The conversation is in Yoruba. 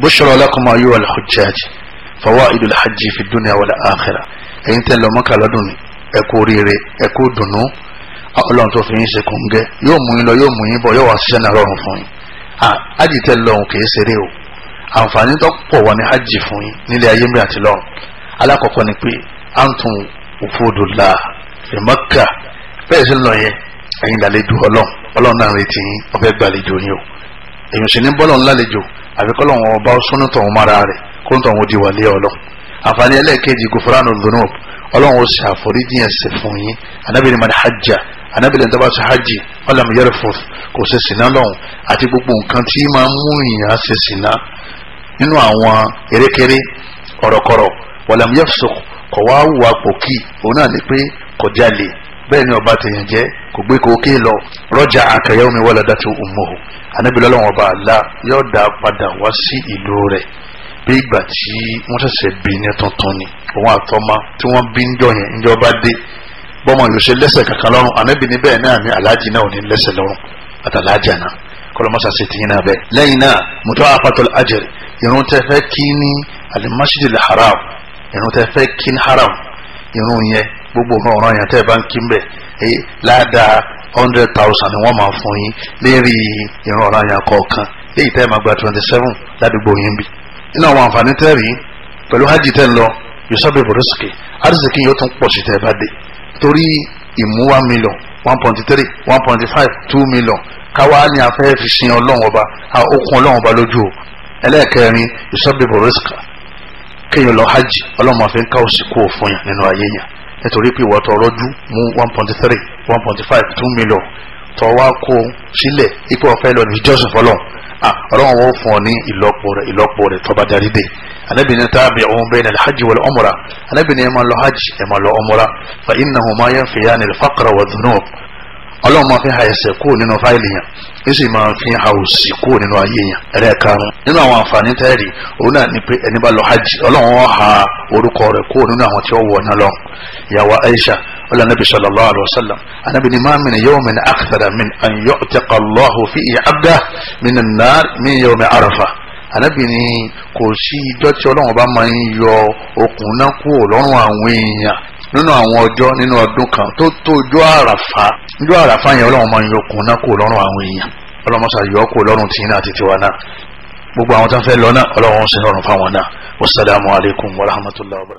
bushra lakum ayyuha al-hujjaj fawaidu al-hajj fi dunya wal akhirah ẹ̀yin tẹ́ lọ Mọ́kà lọ́dún ni ẹ kú oríire ẹ kú dùnú Ọlọ́run tó fi yín ṣe kòńgẹ́ yóò mú yín lọ yóò mú yín bọ̀ yóò wá ṣiṣẹ́ náà rọrùn fún yín hajj tẹ́ lọ́hùn kì í ṣeré o àǹfààní tó pọ̀ wà ní hajj fún yín nílé ayé mi àti lọ́run alákọ̀ọ́kọ́ ni pé antum ufudullah fi Mọ́kà bẹ́ẹ̀ sì ń lọ yẹn ẹ̀yin làlejò Ọlọ́run Ọlọ́run náà retí yín ó gbàlejò yín o èyàn sì ní bọ́lọ̀ ńlá lejò àfi kọ́ lọ́wọ́ ọba súnútọ̀ ọ̀hún mara rẹ̀ kó ń tọ̀hún di wàlẹ́ ọlọ́ àǹfààní ẹlẹ́ẹ̀kejì gòfòránù dhunub ọlọ́run ó ṣe àforíjì ẹ̀ṣẹ̀ fún yín anábìrì man hajja anábìrì ẹ̀ńtọ́ bá ṣe hajj ọlọ́run yarfus kò ṣe sìnà lọ́hùn àti gbogbo nǹkan tí máa ń mú ìyàn ṣe sìnà nínú àwọn erékeré ọ̀rọ̀kọ̀rọ̀ wọ̀làmúyẹ̀fọ̀sọ̀ kọ̀ bẹ́ẹ̀ ni ọba tèèyàn jẹ́ kò gbé kókè lọ rọ́jà akẹyẹ omi wọlé dàtú umuhu anabi lọ́lọ́wọ́n ọba àlá yóò dá padà wá sí ìlú rẹ̀ bí ìgbà tí wọ́n ṣẹ̀ṣẹ̀ bí ní tuntun ni òun àtọ́mọ tí wọ́n bí ń jọ yẹn ń jọ bá dé bọ́mọ yóò ṣe lẹ́sẹ̀ kankan lọ́rùn anabi bẹ́ẹ̀ náà ni aláàjì náà ò ní lẹ́sẹ̀ lọ́rùn àtàlájà náà kọlọmọsà ṣe tìyín náà bẹ́ẹ̀ lẹ́yìn náà mọ̀tò àpàtọ́lẹ̀ àjẹrẹ̀ irun tẹ́ fẹ́ kí ní alimasidi haram irun tẹ́ fẹ́ kí ní haram irun yẹn gbogbo nǹkan ọ̀ràn yẹn tẹ́ ẹ bá ń kí mbẹ̀ ẹ ládàá hundred thousand ni wọ́n máa fún yín lérí ìran ọ̀ràn yẹn kọ̀ọ̀kan léyìí tẹ́ ẹ máa gba twenty seven ládùúgbò yín bí. nínú àwọn àǹfààní tẹ́ rí pẹ̀lú hajj tẹ́ ń lọ yusufu borosike arziki yóò tún pọ̀ sí tẹ́ ẹ bá dé torí ìmú one million one point three one point five two million káwá ni a fẹ́ fi sin ọlọ́run ọba okun ọlọ́run ọba lójú o ẹlẹ́ẹ̀kẹrin yusufu borosike kéèyàn lọ hajj ọlọ́run àfi ń ká òsìkú òfun yàn nínú ayé yàn nítorí pé wọ́n tọrọ ju mú one point three one point five two million tọ́ wá kó sílẹ̀ ipò ọ̀fẹ́ lọ ní ìjọsìn fọlọ́n ọlọ́run wọ́n fún ọ ní ìlọ́pọ̀ rẹ̀ ìlọ́pọ̀ rẹ̀ tọ́ba darí dé anabi ni taabi ohun bẹ́ẹ̀ ni hajj wal umra anabi ni ẹ máa lọ hajj ẹ máa lọ umra fa innahuma yanfiyani al-faqra wa dhunub ọlọ́run máa fi ha ẹsẹ̀ kúrò nínú fáìlì yẹn ó sì máa fi ha òsì kúrò nínú ayé yẹn ẹ̀rẹ́ karùn-ún nínú àwọn àǹfààní tẹ́ẹ̀rì òun náà ni pé ẹni bá lọ hajj ọlọ́run wọn ha orúkọ rẹ̀ kúrò nínú àwọn tí ó wọ̀ náà lọ ìyàwó Aisha ọlọ́run anabi sallallahu alayhi wa sallam anabi ni maa min yawmin akthara min an yu'taqa Allahu fihi abdahu minan nar min yawmi Arafah arábìnrin kò sí ijọ́ tí ọlọ́run bá máa ń yọ okùn náà kúrò lọ́rùn àwọn èèyàn nínú àwọn ọjọ́ nínú ọdún kan tó tó ọjọ́ àràfà ọjọ́ àràfà yẹn ọlọ́run máa ń yọ kùn náà kò lọ́rùn àwọn èèyàn ọlọ́run máa ṣàyọ kò lọ́rùn tìǹà àti tiwa náà gbogbo àwọn tó ń fẹ́ lọ náà ọlọ́run ń sin lọ́rùn fáwọn náà wasalaamualeykum wa rahmatulah.